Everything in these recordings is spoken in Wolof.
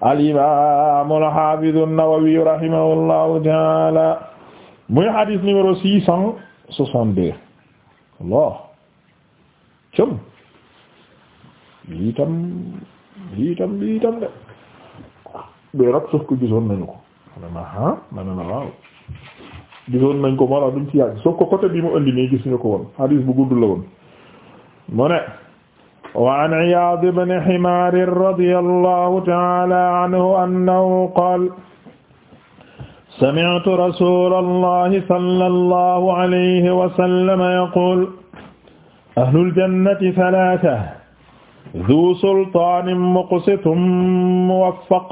al-imam al-hafiz an-Nawawi rahimahullahu taala muy hadith numéro six cent soixante-deux Allah cëm lii tam lii tam de bee rab sax ko gisoon nañu ko ma ha ah, ma ne la waaw nañ ko moo la duñ ci yàgg soo ko côté bi mu indi nii gisuñu ko woon hadith bu gudd la woon mu ne wa an Iyaad ibn Himaar radiyallahu ta'aala anhu annahu qaala sami'tu rasuulallahi sallallahu alayhi wa sallam yaquulu ahlul jannati salaasa zuu sultaanin muqsitun muwaffaq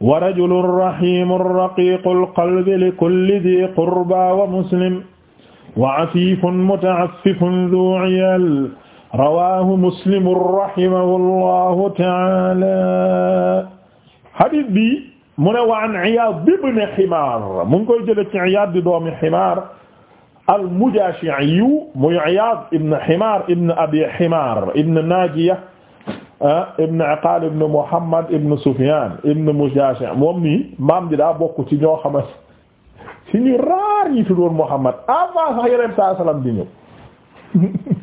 wa rajulun rahiimun raqiiqul qalbi likulli dii qurbaa wa muslim wa afiifun muta'affifun zuu ciyaal rawaahu muslim rahimahullahu ta'ala hadith bi mu ne wa an Iyaad ibn Himaar mu ngi koy jëlee ci Iyaad di doomi Himaar al-Mujaashi'i muy Iyaad ibn Himaar ibn Abi Himaar ibn Naajiya ah, ibn Aqaal ibn Muhammad ibn Sufyaan ibn Mujaashi' moom nii maam di daa bokk ci ñoo xamal ci ñu raar yi tuddoon Muhammad avant sax Yonent bi sallallahu alayhi wa sallam di ñëw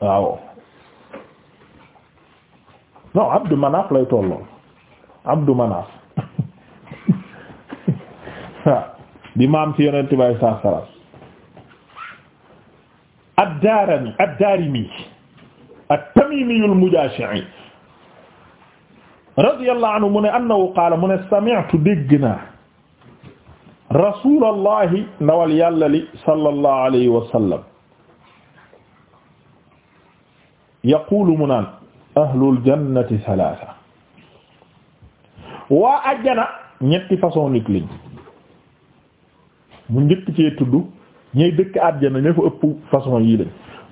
waaw non Abdou Manaf lay tolloo Abdou Manaf di maam ci yonent bay saa saras ad-Daarimi ad-Daarimi at-Tamimiyul Mujaashi'i radiyallahu anhu mu ne annahu qaala mu ne sami'tu dégg naa rasuulallahi ndawal yàlla li sallallahu alayhi wa sallam yaqulu mu naan ahlul jannati salaasa waa ajjana ñetti façon nit liñ mu njëkk cee tudd ñay dëkk ajjana ña fa ëpp façon yii lañ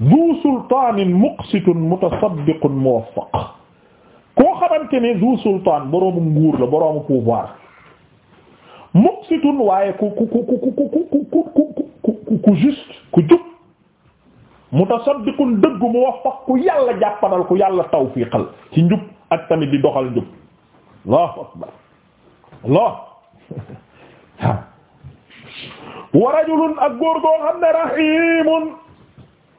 zu sultaanin muqsitun mutasaddiqun muwaffaq koo xamante ne zu sultaan boroomu nguur la boroomu pouvoir muqsitun waaye ku ku ku ku ku ku ku ku ku ku juste ku jub mutasaddiqun dëgg mu wax fax ku yàlla jàppanal ku yàlla tawfiqal ci njub ak tamit di doxal njub allahu akbar allah wa rajulun ak góor goo xam ne rahimun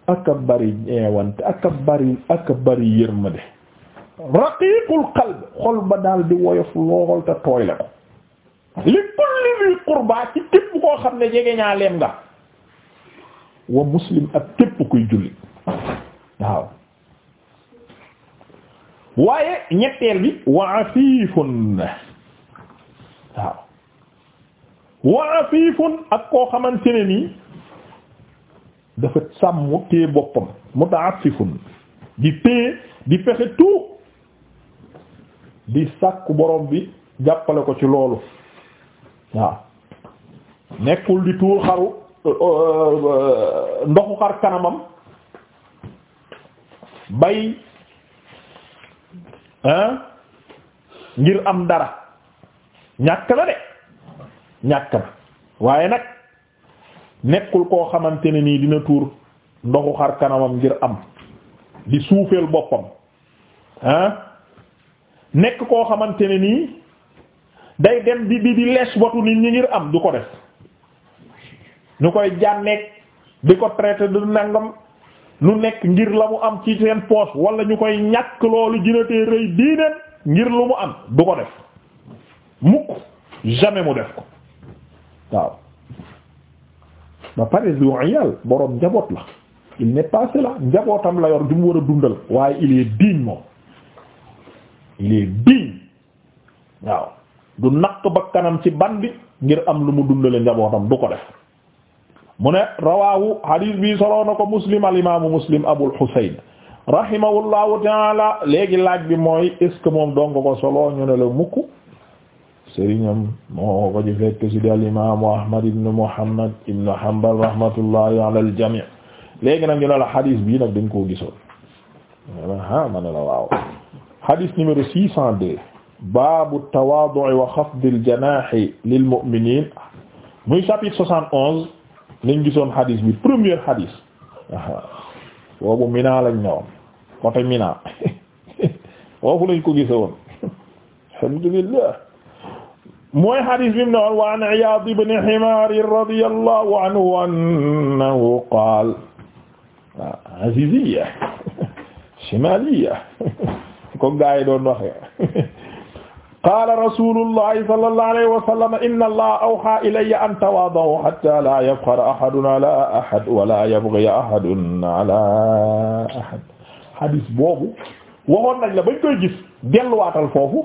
aka bari ñeewante aka bari aka bari yërmande raqiqul qalb xol ba daal di woyof lool te tooy la ko li kulli ci képp koo xam ne jege ñaaleem nga wa muslim ak képp kuy julli waaw waaye ñetteel bi wa afifun waaw wa afifun ak koo xamante ne nii dafa sàmm téye boppam mutaafifun di téye di fexe tout di sàkku borom bi jàppale ko ci loolu waaw nekkul di tuur xaru Euh, ndoxu xar kanamam bay ngir am dara ñàkk na de ñàkk na waaye nag nekkul koo xamante ne nii dina tuur ndoxu xar kanamam ngir am di suufeel boppam nekk koo xamante ne nii day dem di di di lees watu nit ngir am du ko def ñu koy jànneeg di ko traité du nangam lu nekk ngir la mu am ci seen poche wala ñu koy ñàkk loolu jinatee rëy diineen ngir lu mu am du ko def mukk jamais mu def ko waaw ba pare du njaboot la njabootam la yor du mu war a dundal waaye il est digne moom il est waaw du naq bakkanam ci ban bi ngir am lu mu dundale njabootam du ko def mu ne rawaahu hadis bi soloo na ko muslim al imaamu muslim abul husayn rahimahullahu taala léegi laaj bi mooy est ce que moom dong ko soloo ñu ne la mukk sëriñam moo ko ci fekk ci al imaamu ahmad ibn muhammad ibn hanbal rahmatullahi ala al jami' léegi nag ñu ne la hadis bii nag dañ koo gisoon ah ma ne la waaw hadis numéro 602 baabu tawaadu wa xafdil janaahi lil mu'miniin muy chapitre 71 niñ gisoon xadiis bi premier xadiis boobu Mina lañ ñëwoon côté Mina foofu lañ ko gisoon alhamdulillah mooy xadiis bi mu wa an Iyaad ibn Himaar radiyallahu anhu annahu qaal ah, aziziyya shimaliyya ko gaay doon waxe qaala rasulullahi sallallahu alayhi wa sallam inna allaha awhaa ilayya an tawaada'u hattaa laa yafkhara ahadun alaa ahad wa laa yabghiya ahadun alaa ahad hadis boobu waxoon nañ la bañ koy gis delluwaatal foofu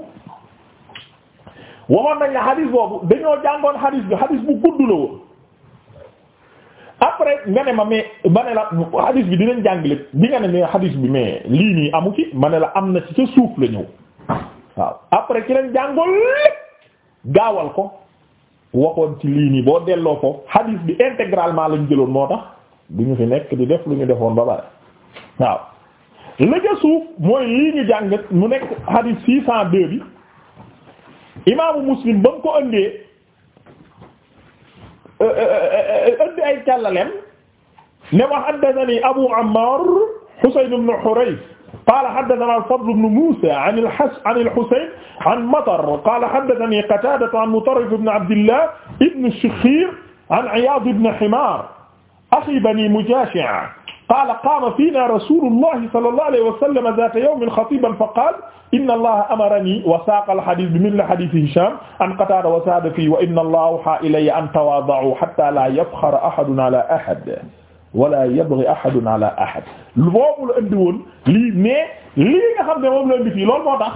waxoon nañ la hadis boobu dañoo jàngoon hadis bi hadis bu gudd la woon après nga ne ma mais ma ne la hadis bi dinañ jàngale bi nga ne mais hadis bi mais lii nii amu ci ma ne la am na ci sa suuf la ñëw. waaw après ci lañ jàngoo lépp gaawal ko waxoon ci lii nii boo delloo ko hadith bi intégralement lañu jëloon moo tax du ñu fi nekk di def lu ñu defoon ba bare waaw lëja suuf mooy lii ñu jàng mu nekk hadith six cent deux bi imaamu muslim ba mu ko ëndee ëndi euh, euh, euh, ay càllalem ne wax haddasani abu ammar husayn ibn hurayth qaala haddathanaa al-Fadl ibn Muusaa an al-Husayn an Matar qaala haddathanii Qataada an Mutarrif ibn Abdillah ibn Shikhiir an Iyaad ibn Himaar axii Banii Mujaashi' qaala qaama fiinaa rasuulullaahi sallallaahu alayhi wa sallam zaata yawmin xatiiban faqaala inna Allaaha amaranii wa saaqa al-hadiis bimithli hadiisi Hishaam an Qataada wa zaada fiihi wa inna Allaaha awhaa ilayya an tawaada'uu hattaa laa yafkhara ahadun alaa ahad wala yabghi ahadun ala ahad boobu la indi woon lii mais lii nga xam ne moom la indi fii loolu moo tax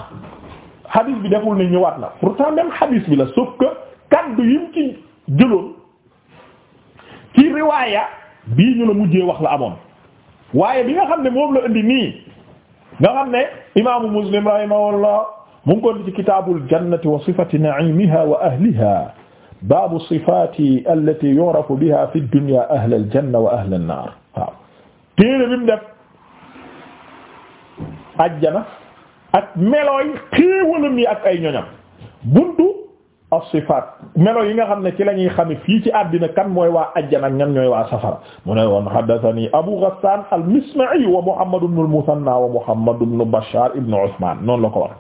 hadis bi deful ne ñëwaat na pourtant même hadis bi la sauf que kaddu yi mu ci jëloon ci riwaaya bii ñu la mujjee wax la amoon waaye bi nga xam ne moom la indi nii nga xam ne imaamu muslim rahimahullah mu ngi ko ci kitaabul jannati wa na'imiha wa ahliha baabu sifaati allati yu'rafu biha fi dunya ahla aljanna wa ahla an-naar waaw téere bi mu def ajjana ak melooy xéewalam yi ak ay ñoñam buntu as-sifaat melo yi nga xam ne ci la ñuy xame fii ci àddina kan mooy waa ajjana ak ñan ñooy waa safara mu ne woon haddathanii Abu Ghassan al-Misma'i wa Muhammad ibn al-Muthanna wa Muhammad ibn Bashar ibn Uthman noonu la ko wax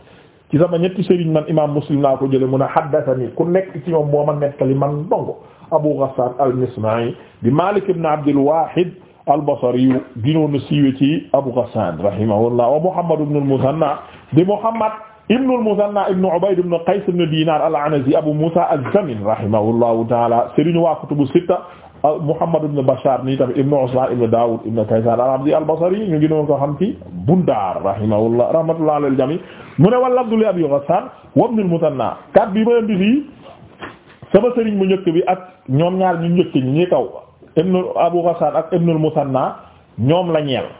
ci sama ñetti sëriñ man imam muslim laa ko jële mun a haddathani ku nekk ci ñoom moo ma nettali man dong abu ghassaan al-misma'i di malik ibn abd al-wahid al-basri ginoon na siiwe ci abu ghassaan rahimahullah wa muhammad ibn al-muthanna di muhammad ibn al-muthanna ibn ubayd ibn qays ibn dinar al-anazi abu musa az-zamin rahimahullahu ta'ala sëriñ waa kutubu sitta Ah, Muhammad ibn Bashar nii tamit ibn Usman ibn Dawud ibn Kaysan al-Abdi al-Basri ñu gënoon ko xam ci Bundar rahimahullah rahmatullah alal jami mu ne wal lafdu li Abi Ghassan wa ibn al-Muthanna kat bi ma indi fii sama sëriñ mu njëkk bi ak ñoom ñaar ñu njëkk ñi ñi kaw ibn Abu Ghassan ak ibn al-Muthanna ñoom la ñeel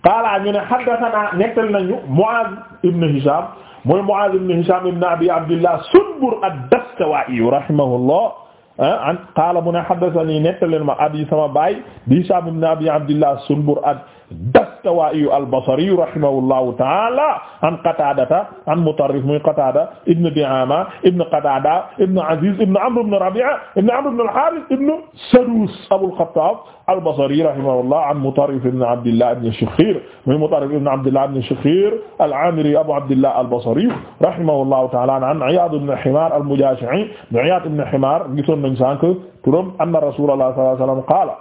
qaala ñu ne haddathana nettal nañu Mu'az ibn Hisham mooy Mu'az ibn Hisham ibn Abi Abdillah Sunbur ad-Dastuwa'i rahimahullah ah an qaala mu ne haddathanii nettali ma abi sama baay di Hishaam ibn Abi Abdillah Sunbur ad al-Dastawaa'i al-Basri rahimahullahu ta'ala an Qataadata an Mutarrif muy Qataada ibn Di'aama ibn Qataada ibn Aziz ibn Amr ibn Rabi'a ibn Amr ibn al-Haaris ibn Saduus Abul Khattaab al-Basri rahimahullah an Mutarrif ibn Abdillah ibn Shikhiir muy Mutarrif ibn Abdillah ibn Shikhiir al-Aamiri Abu Abdillah al-Basri rahimahullahu ta'ala an Iyaad ibn Himaar al-Mujaashi'i Iyaad ibn Himaar gisoon nañ sànq turam anna Rasuulullah sallallahu alayhi wa sallam qaala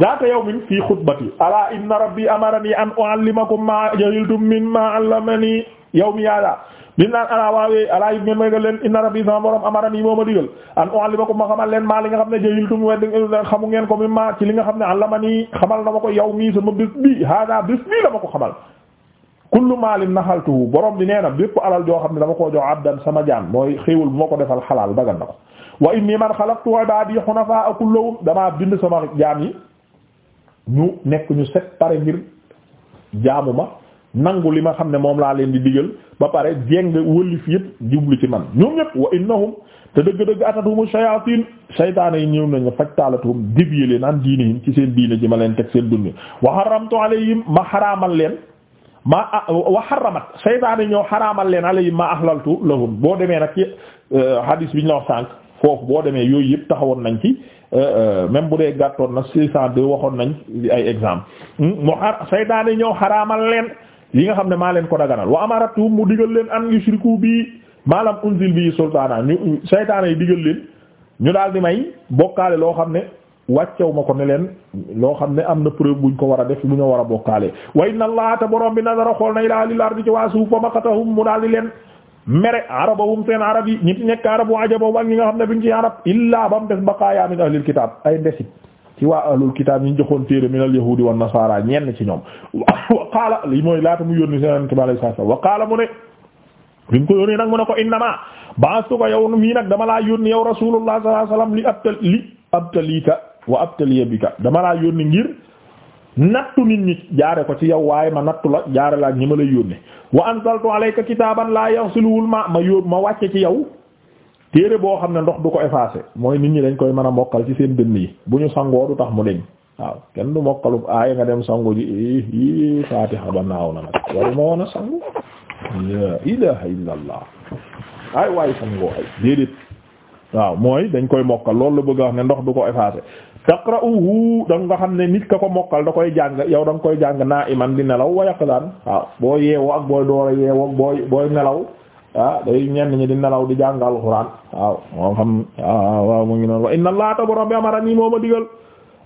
zaata yawmin fii xutbati alaa inna rabbi amarani an u'allimakum maa jahiltum mimmaa 'allamani yawmi haadaa bi naan alaa waawee alaa yëg ngeen may leen inna rabbi sama borom amarani moo ma digal an u'allimakum ma xamal leen maa li xam ne jahiltum wedd xamu ngeen ko mimmaa ci li nga xam ne 'allamani xamal na ko yawmi sama bés bi haadaa bés bi la ko xamal. kullu maalin naxaltuhu borom di nee na bépp alal joo xam ne dama ko jox abdan sama jaan mooy xéewal bu ma ko defal xalaal dagan na ko wa inni man xalaqtu ibaadi xunafaa ñu nekk ñu set pare ngir jaamu ma nangu li ma xam ne moom laa leen di digal ba pare jéng wëlif yëpp jublu ci man ñoom ñëpp wa innahum te dëgg-dëgg atatuhumu shayatin seytaane yi ñëw nañu fajtaalatuhum dévier leen an diinihim ci seen diine ji ma leen teg seen dund wa haramtu alayhim ma xaraamal leen ma wa xaramat shaytaana yi ñëw xaraamal leen alayhim ma ahlaltu lahum boo demee nag ci euh, hadis bi ñu la wax sànq foofu boo demee yooyu yëpp taxawoon nañ ci Euh, euh, même bu dee gàttoon na six cent deux waxoon nañ ay exemple hmm? mu xar saytaane ñëw xaraamal leen yi nga xam ne maa leen ko daganal wa amaratu mu digal leen an yushriku bi maalam unzil bi sultaana ñu saytaane digal leen ñu daal di may bokkaale loo xam ne wàccew ma ko ne leen loo xam ne am na preuve buñ ko war a def bu ñu war a bokkaale wa inna allaha borom bi nazara xool na ila al ardi ci waa suuf fa maqatahum mu daal leen mere arabawum seen arab yi ñi nekk arab wa ajabawum ak nga xam ne buñ ci arab illaa ba mu des baqaaya min ahlil kitaab ay ndesit ci waa ahlul kitaab ñu joxoon téere min al yahuudi wan nasaara ñenn ci ñoom wa qaala li mooy laata mu yónni seen antibaal ay saa saa wa mu ne bi mu ko yónnee nag mu ne ko innama ba'astuka yow mii nag dama laa yónni yow rasulullah sallallahu alayhi wasallam li abtal li abtalika wa abtaliya bika dama laa yónni ngir nattu nit ñi jaare ko ci yow waaye ma nattu la jaare la ñi ma lay yónnee wa anzaltu alayka kitaaban laa yaxsiluwul ma ma ma wàcce ci yow téere boo xam ne ndox du ko effacé mooy nit ñi dañ koy mën a mokkal ci seen dënn yi bu ñu sangoo du tax mu deñ waaw kenn du mokkalu aaya nga dem sangu ji i fatiha ba naaw na nag waru ma a sangu la ilaha illa ay waaye sangoo ay déedéet waaw mooy dañ koy mokkal loolu la bëgg a wax ne ndox du ko effacé taqra'uhu da nga xam ne nit ka ko mokkal da koy jàng yow da koy jàng naa naa'iman di nelaw wa yaqdaan waaw boo yeewoo ak booy door a yeewoo ak booy booy nelaw ah day ñenn ñi di nelaw di jàng alxuraan waaw moo xam waaw mu ngi noonu wa inna allaha tabaraka bi amara nii moo ma digal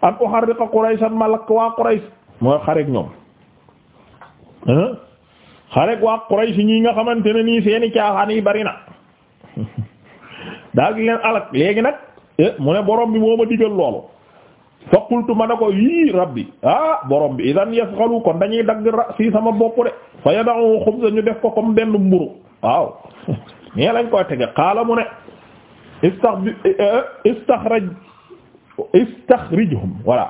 an uharriqa qurayshan ma lakk waa quraysh mooy xarek ñoom xarek waa quraysh ñi nga xamante ne nii seeni caaxaan yi bari na daal di leen alak léegi nag eh, mu ne borom bi moo ma digal loolu fa qultu ma ne ko yii rabbi ah borom bi idan yasghalu kon dañuy dagg ra si sama bopp de fa yad'u xubsa ñu def ko kom benn mburu waaw ñee lañ koy tege qaala mu ne istax eh, istaxraj istaxrijhum voilà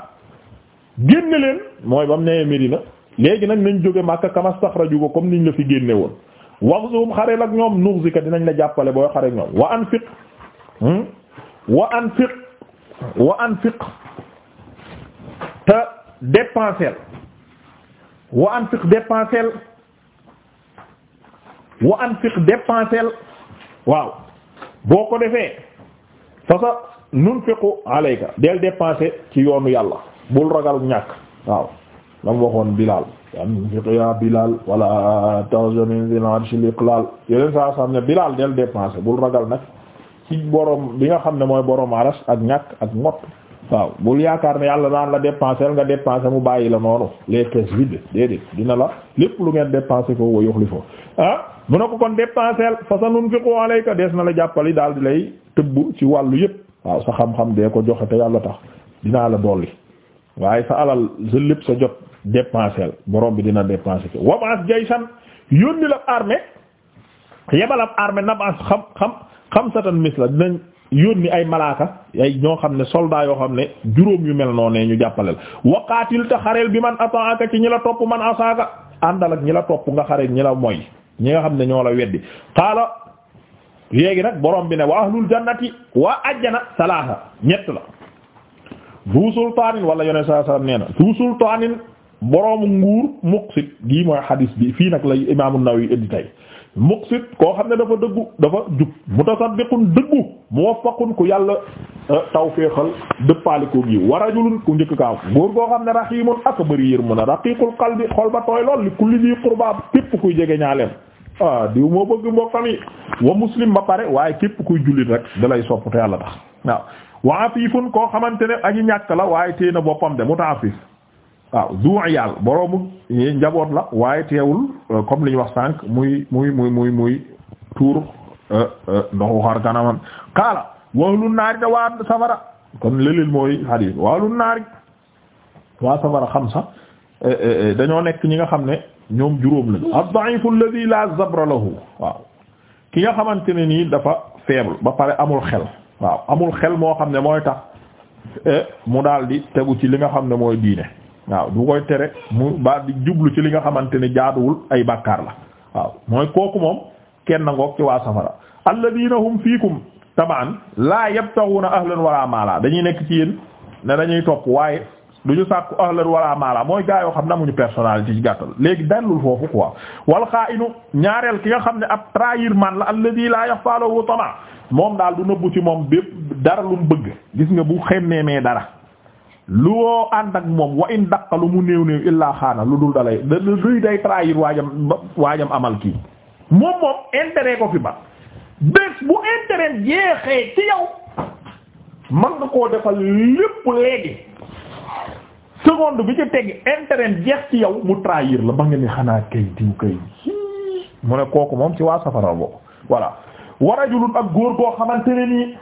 génn leen mooy ba mu nee Medina léegi nag nañ jóge Makka kama istaxraju ko comme niñ la fi génne woon waxsuhum xareel ak ñoom nuxzika dinañ la jàppale booy xare ak ñoom wa anfiq hmm? wa anfiq wa anfiq te dépensel wa an dépensel dépensel waaw boo ko defee fa sa nunfiqu alayka del dépenser ci yoonu yàlla bul ragal ñàkk waaw lam waxoon Bilal anfiq ya Bilal wala tahja min zil arshil iqlal yeneen saa xam ne Bilal del dépenser bul ragal nag ci borom bi nga xam ne mooy borom aras ak ñàkk ak ngott waaw bul yaakaar ne yàlla daan la dépenser nga dépenser mu bàyyi la noonu les caisses vides déedéet dina la lépp lu ngeen dépenser ko a yoxli fo ah mu na ko kon dépenser fa sanunfiqu alayka dees na la jàppali daal di lay tëbb ci wàllu yëpp waaw sa xam-xam dee ko joxe te yàlla tax dinaa la dolli waaye sa alal sa lépp sa jot dépenser borom bi dina dépenser ko wabas jaysan yónni la armée yebal ab armée nabas xam xam xam satan mis la dinañ yónni ay malaaka ay ñoo xam ne soldaa yoo xam ne juróom yu mel noonu ñu jàppale la waqaatil xareel bi man ataaka ci ñi la topp man asaaka àndal ak ñi la topp nga xare ñi la moy ñi nga xam ne ñoo la weddi qaala yéegi nag borom bi ne wa ahlul jannati waa ajjana salaasa ñett la du sultaanin wala yone saa sallam nee na du sultaanin boroomu nguur muqsit gii mooy xadiis bi fii nag la imaamu Nawawi indi tey muqsit koo xam ne dafa dëggu dafa jub mutasaddiqun dëggu muwaffaqun ku yàlla euh, tawféexal dëppaalikoo gi wa rajulun ku njëkk kaaw góor goo xam ne rahimun ak bëri yër mën a raqiqul qalbi xol ba tooy lool li kulli di qurba képp kuy jege ñaaleem ah, diw moo bëgg mbokkam yi wa muslim ba pare waaye képp kuy jullit rek dalay sopp yàlla tax waaw wa afifun koo xamante ne añu ñàkk la waaye téye na boppam de mutaafif waaw du yàlla boroomu njaboot la waaye teewul euh, comme li ñu wax sànq muy muy muy muy muy tuur euh, euh, ndoxu xar kanamam xaala wahlu naari da waa safara kon lëlil mooy xadiis wahlu naari waa safara xam sax dañoo nekk ñi nga xam ne ñoom juróom lañu ad-da'ifu alladhi la zabra lahu waaw ki nga xamante ne nii dafa faible ba pare amul xel waaw amul xel moo xam ne mooy tax mu daal di tegu ci li nga xam ne mooy diine waaw du koy tere mu ba di jublu ci li nga xamante ne jaaduwul ay bàkkaar la waaw mooy kooku moom kenn ngoog ci waa safara alladina hum fiikum tamaan laa yabtaghuna lan wala mala dañuy nekk ci yéen ne dañuy topp waaye du ñu sàkku ahlan wala mala mooy gaa yoo xam ne amuñu personnalité ci gàttal léegi dellul foofu quoi wal xaa'inu ñaareel ki nga xam ne ab trahir man la alladi laa yaxfaalahu tama moom daal du nëbbu ci moom bi dara lu mu bëgg gis nga bu xemmee dara lu woo ànd ak moom wa in daqalu mu néew néew illaa xaana lu dul dalay luy day trahir waajam waajam amal kii moom moom intérêt ko fi ba bés bu intérêt jeexee ci yow man nga koo defal lépp léegi seconde bi ci teg intérêt jeex ci yow mu trahir la ba nga ni xanaa kay diw kay mu ne kooku moom ci waa safara boobu voilà wa rajulun ak góor koo xamante ne nii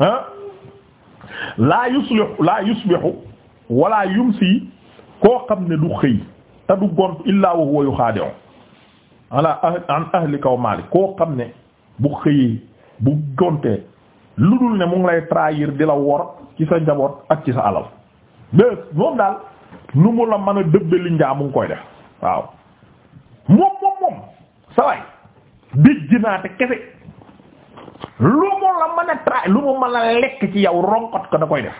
ah, laa yuslihu laa yusbihu wala yumsi koo xam ne du xëy te du gont illaa wa huwa yuxaadi'u ala an ahlika wa maalik koo xam ne bu xëyee bu gontee lu dul ne mu ngi lay di la wor ci sa njaboot ak ci sa alal bés moom daal nu mu la mën a dëbbe li njaa mu koy def waaw moom moom moom saway dijj naa te kese lu mu la lekk ci yow ronkot ko da koy def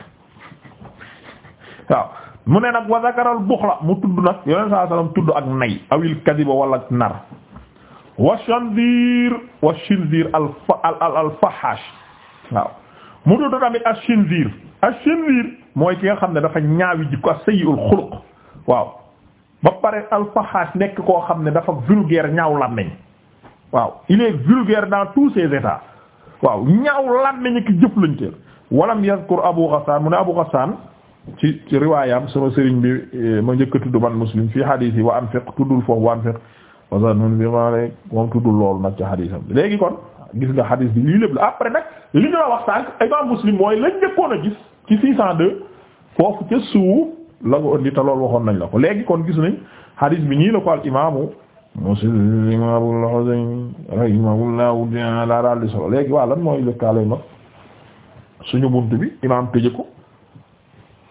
waaw mu ne nag wa zakaral buxla mu tudd nag yoneen saa sallam tudd ak nay awil kadiba wala nar wa shanzir wa shinzir al al al fahash waaw mu tudd tamit ak shinzir mooy ki nga xam ne dafa ñaawi jikko ak sayyi'ul xuluq waaw ba pare al fahash nekk koo xam ne dafa vulgaire ñaaw làmmiñ waaw il est vulgaire dans tous waaw ñaaw làmmiñ ki jëflanteel walam yazkur Abu Ghassan mu ne Abu Ghassan ci ci riwaayam sama sëriñ bi eh, ma njëkk a tudd man muslim fii hadith yi wa anfiq tuddul wa anfiq wasan mun bi ma ne moom léegi kon gis nga hadith bi lii lépp la après nag li ñu la wax sànq imam muslim mooy lañ njëkkoon a gis ci 602 foofu ca suuf la ko indi te loolu waxoon nañ la ko léegi kon gis nañ hadith bi nii la ko al imaamu Muslim Abul Husayn a ta'ala daal di solo léegi waa lan mooy lëkkaale mag suñu bunt bi imaam tëje ko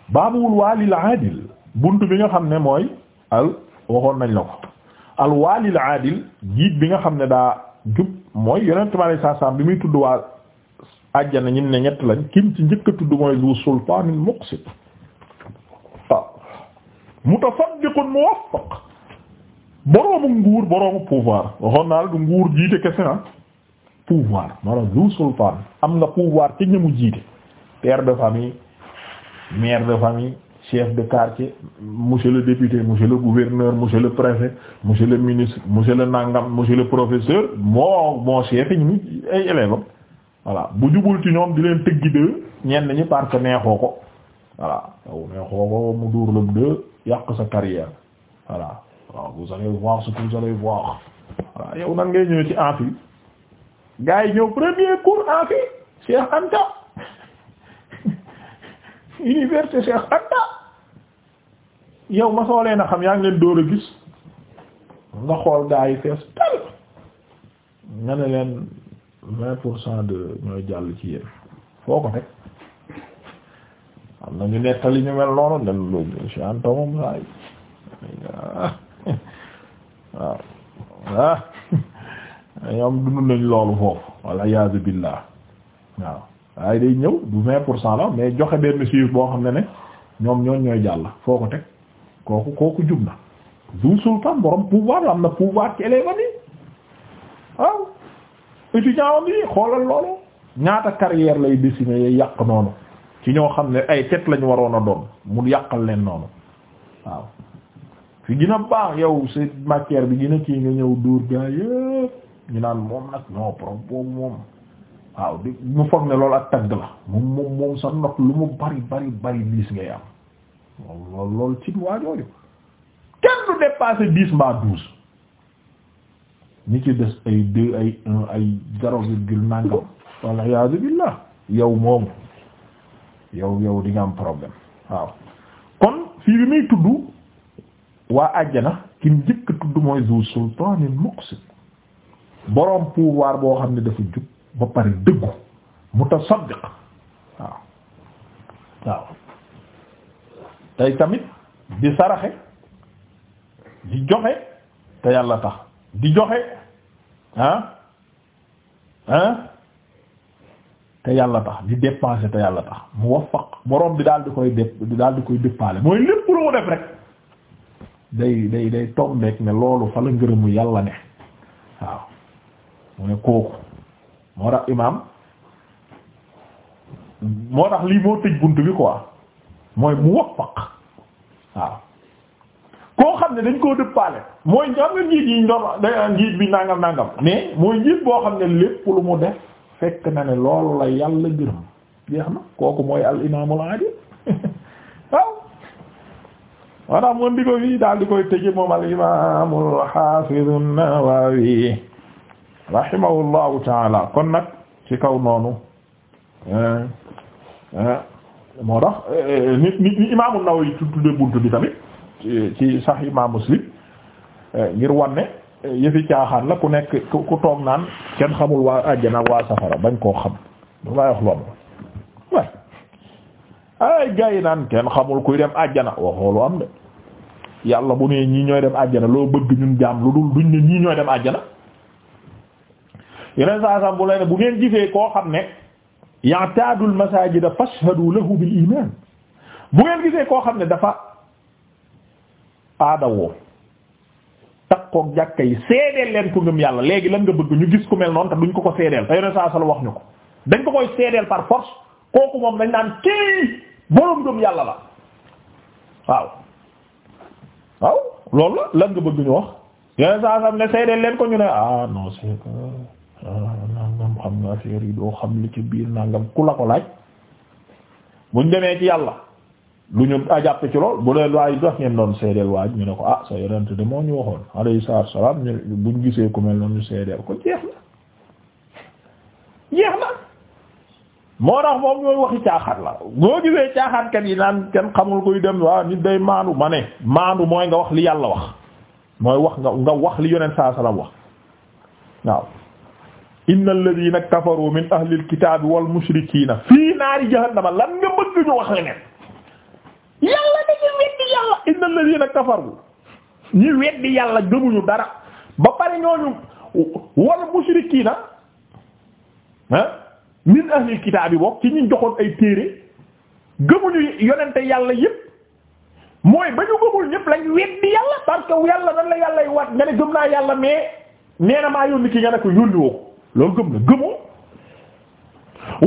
baabul waalil aadil bunt bi nga xam ne mooy al waxoon nañ la ko al waalil aadil jiit bi nga xam ne daa jub mooy yonent ma saa saasaam bi muy tudd waa àjjana ñim ne ñett lañ kim ci njëkk tudd mooy zu sultaanil muqsit mutafaddiqun muwaffaq boroomu nguur boroomu pouvoir waxoon naa la du nguur jiite kese ah. na pouvoir maanaam lu sultan am nga pouvoir ci ñi mu jiite père de famille mère de famille chef de quartier monsieur le député monsieur le gouverneur monsieur le préfet monsieur le ministre monsieur le nangam monsieur le professeur moo moo chef yi ñu ay élèves am voilà bu jubul ci ñoom di leen tëggi deux ñenn ñi parce que neexoo ko voilà yow neexoo ko mu dóor la yàq sa carrière voilà waaw vous allez voir ce que waaw yow nan ngay ñëw ci anfi gars yi ñëw premier cours anfi Cheikh Anta université Cheikh Anta yow ma soo leen a xam yaa ngi leen dóor a gis nga xool gars yi fees tal nga ne leen vingt pour cent de ñooy jàll ci yéen foo ko teg xam na ñu nettali ñu mel noonu len loolu Cheikh Anta moom saa yi waaw ah ñoom dund nañ loolu foofu walla iyaazu billaah waaw waaye day ñëw du vingt pour cent la mais joxe benn chiffre boo xam ne ne ñoom ñooñ ñooy jàll foo ko teg kooku kooku jub na du sultan borom pouvoir la am na pouvoir ci élèves yi waaw étudiant am yi xoolal loolu ñaata carrière lay dessiner yay yàq noonu ci ñoo xam ne ay tet lañu waroon a doon mu yàqal leen noonu waaw fi gën a baax yow sa matière bi gën a kii nga ñëw dóor gaa yëpp ñu naan moom nag non problème waaw di mu foog ne loolu ak tagg la moom moom sa nopp lu mu bari bari bari diis ngay am loolu loolu ci waajooju kenn du dépasser dix mbaa douze ñi ci des ay deux ay un ay zéro virgule nangam walla iyaazu billah yow moomu yow yow di am problème waaw kon fii bi muy tudd waa àjjana ki njëkk tudd mooy zu sultaanil muqsit boroom pouvoir boo xam ne dafa jub ba pare dëggu mutasaddiq waaw tey tamit di saraxe di joxe te yàlla tax di joxe ah ah te yàlla tax di dépenser te yàlla tax mu waffaq borom bi daal di koy def daal di koy dëppaale mooy lépp lu def rek day day day tombeek ne loolu fa la ngërëmu yàlla ne waaw mu ne kooku moo tax imaam moo tax lii moo tëj bunt bi quoi mooy muwaffaq waaw koo xam ne dañ koo dëppaale mooy njàm nga njiit yi doon da njiit bi nangam nangam mais mooy njiit boo xam ne lépp lu mu def fekk na ne loolu la yàlla gërëm jeex na kooku mooy al imaamul aadil maanaam moom di ko fii daal di koy tëje moom al imam al hafiz an-Nawawi kon nag ci kaw noonu moo tax nit euh, nit ñi imam an-Nawawi tudde buntu bi tamit ci Sahih imam Muslim euh, ngir wanne euh, yëfi caaxaan la ku nekk ku toog naan kenn xamul waa àjjana waa safara bañ koo xam lu may wax lu am ay gars yi kenn xamul kuy dem àjjana waxoolu am de yàlla bu nee ñii ñooy dem àjjana loo bëgg ñun jaam lu dul duñ ne ñii ñooy dem àjjana yeneen saa saa bu lay ne bu ngeen gisee koo xam ne ya'tadul masajida fashhadu lahu bil iman bu ngeen gisee koo xam ne dafa aadawoo takkook jàkka yi seedeel leen ko ngëm yàlla léegi lan nga bëgg ñu gis ku mel noonu te duñ ko ko seedeel te yeneen wax ñu ko dañ ko koy seedeel par force kooku moom dañ naan kii boroom gëm yàlla la waaw waaw loolu la lan nga bëgg ñu wax yeneen saa sam ne seedeel leen ko ñu ne ah non c'est que ah, nangam xam nga affaire ku la ko laaj buñ demee ci yàlla lu ñu jàpp ci lool bu leen waaye dox ngeen doon seedeel waaj ñu ne ko ah sa yorante de moo ñu waxoon alayhi salaatu salaam buñ gisee ku mel noonu seedeel ko jeex na jeex na moo tax moom ñooy waxi caaxaan la boo gisee caaxaankat yi naan kenn xamul kuy dem waaw nit day maandu ma ne maandu mooy nga wax li yàlla wax mooy wax nga nga wax li yonent saa salaam wax waaw innal ladina kafaru min ahlil kitaabi wal mushrikiina fii naari jahannama lan nga bëgg ñu wax leneen yàlla dañu weddi yàlla innal ladina kafaru ñi weddi yàlla gëmuñu dara ba pare ñooñu wal mushrikiina ah min ahlil kitaabi bokk ci ñu joxoon ay téere gëmuñu yonente yàlla yépp mooy ba ñu gëmul ñépp lañ weddi yàlla parce que yàlla nan la yàllay waat nga ne gëm naa yàlla mais nee na maa yónni ki nga ne ko yónni woo loolu gëm na gëmoo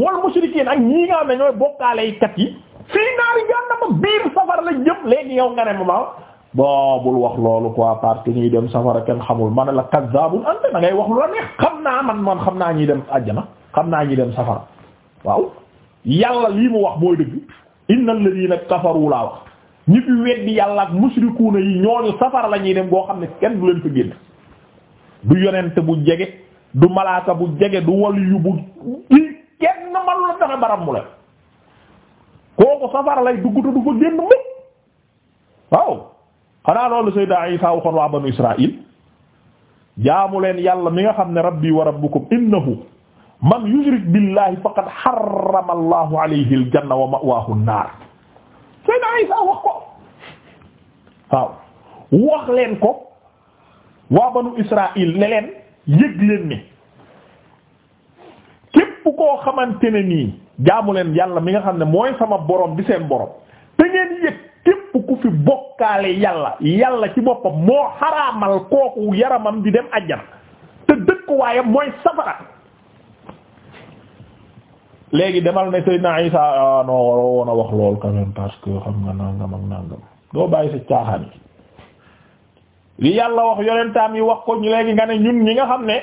wal mushrikiin ak ñii nga xam ne ñooy bokkaale kat yi fii naari jahannama biir safara lañ jëm léegi yow nga ne ma ma bo bul wax loolu quoi parce que ñuy dem safara kenn xamul man la kazzabun anta da ngay wax lu la neex naa man man xam naa ñuy dem àjjana xam naa ñi dem safara waaw yàlla lii mu wax mooy dëgg innal ladina kafaru laa wax ñi fi weddi yàlla ak musrikuuna yi ñooñu safara la ñuy dem boo xam ne kenn du leen fa génn du yonent bu jege du malaaka bu jege du waliyu bu kii kenn manu la taxe baram mu la kooku safara lay dugguta du fa génn mukk waaw xanaa loolu sayda Isa waxoon waa banu Israil jaamu leen yàlla mi nga xam ne rabbi wa rabbukum innahu man yushrik billahi faqad harrama allahu alayhi aljanna wa ma'wahu an-nar sayna waaw wax leen ko waa banu Israil ne leen leen ni képp koo xamante ne nii jaamu leen yàlla mi nga xam ne mooy sama borom di seen borom te ngeen yëg képp ku fi bokkaale yàlla yàlla ci boppam moo xaraamal kooku yaramam di dem ajjana te dëkk waayam mooy safara léegi demal ne Seydina Isa ah, non waroo woon a wax lool quand même parce que xam nga nangam ak nangam doo bàyyi sa caaxaan yi li yàlla wax yonentaam yi wax ko léegi nga ne ñun ñi nga xam ne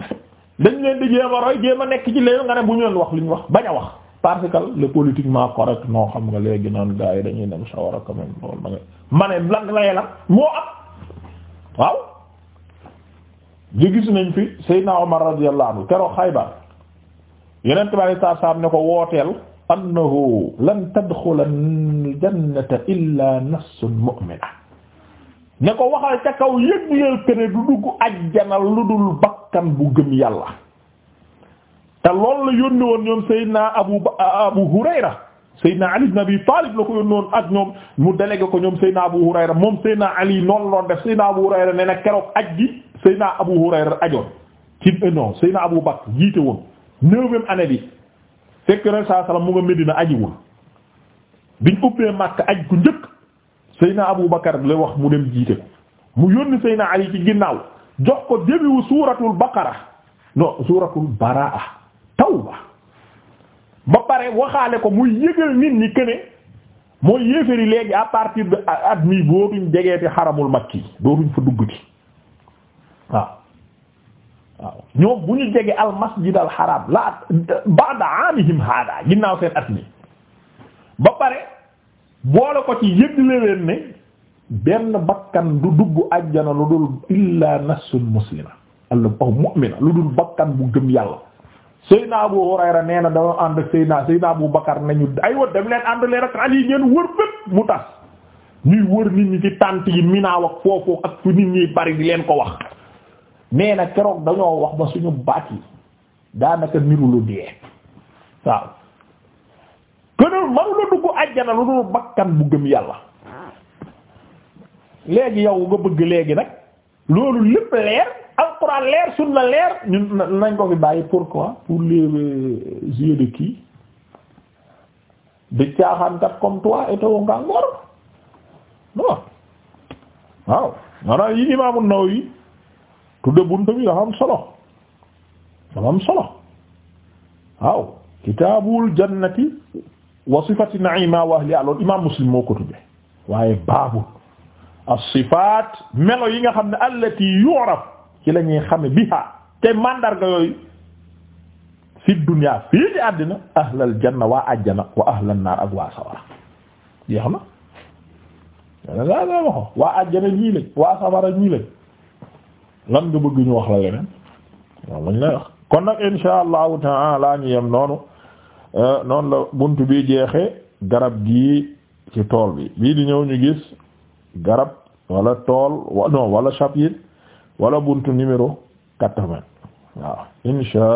dañ leen di jéem a roy jéem nekk ci léegi nga ne bu ñu leen wax li ñu wax baña a wax parce que le politiquement correct non xam nga léegi naan gars yi dañuy dem sawara quand même ma nga ma ne lan lay la moo am waaw li gis nañ fi Seydina Omar radiyallahu anhu keroog yeneen tubaab yi saa ne ko wooteel. annahu lan tadxula aljannata illa nafsun mu'mina ne ko waxal ca kaw yëg-yëg ne du dugg ajjana lu dul bakkan bu gëm yàlla te loolu la yónni woon ñoom Seydina Abu Abu Hurayra Seydina Ali ibn Abi Talib la ko yónni woon ak ñoom mu ko ñoom Seydina Abu Hurayra moom Seydina Ali noonu loon def Seydina Abu Hurayra ne na keroog aj gi Seydina Abu Hurayra ajoon ci eh non Seydina Abu Bakr jiite woon neuvième année bi fekk ren saa salaam mu nga Medina ajiwul biñ ubbee Makka aj ku njëkk Seyna Abu Bakar la wax mu dem jiite ko mu yónni Seyna Ali ci ginnaaw jox ko début suuratul Baqara non suuratul Baraa tawba ba pare waxaale ko muy yëgal nit ñi que ne mooy yéefari léegi à partir de at mi dootuñ jegeeti xaramul makki dootuñ fa duggati waaw. waaw ñoom bu ñu jege al masjid al haram la ba'da amihim hada ginnaaw seen at mi ba pare boole ko ci yëgle leen ne benn bakkan du dugg ajjana lu dul illa nafsul muslima alla aw mu'mina lu dul bakkan bu gëm yàlla Seydina Abu Hurayra nee na dama ànd naa Seydina Seydina Abu Bakar nañu aywa dem leen ànd leen ak yi ngeen wër bépp mu tas ñuy wër nit ñi ci tànt yi minaaw ak foofu ak fu nit ñi bari di leen ko wax nee na keroog dañoo wax ba suñu baat yi daanaka niru lu dee waaw kënal manu la dugg àjjana lu dul bakkan bu gëm yàlla léegi yow nga bëgg léegi nag loolu lépp leer alxuraan leer sunna leer ñun nañ ko fi bàyyi pour les pour de qui de caaxaankat comme toi et taw nga ngor non waaw maanaam yi Imaamu Nawawi tudde buntu bi dafa am solo dafa am solo waaw kitaabul jannati wa sifati na'iima wa ahlihaa loolu imaam Muslim moo ko tudde waaye baabu as-sifaat melo yi nga xam ne allati yu'raf ci la ñuy xame biha te mandarga yooyu fi dunya fii ci àddina ahlal janna waa wa waa sawara na waa àjjana ñii lañ waa sawara ñii lañ lan nga bëgg ñu wax la leneen lay wax kon nag insha allahu taala ñu yem noonu euh, noonu la bunt bi jeexe garab gi ci tool bi bii di ñëw ñu gis garab wala tool non wala chapitre wala bunt numéro quatre-vingt waaw insha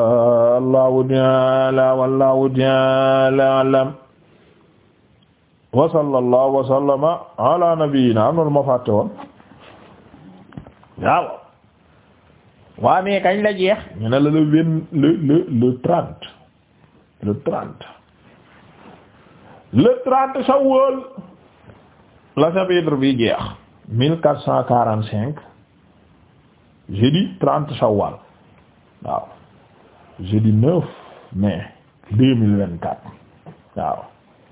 allahu taala wallahu taala alam wa sallallahu wa sallama ala nabiyyina am na ma fàtte woon waaw waa mais kañ la jeex ñu ne la le vingt le le le trente le trente le trente Shawwal la chapitre bi jeex mille quatre cent quarante cinq jeudi trente Shawwal waaw jeudi neuf mai deux mille vingt quatre waaw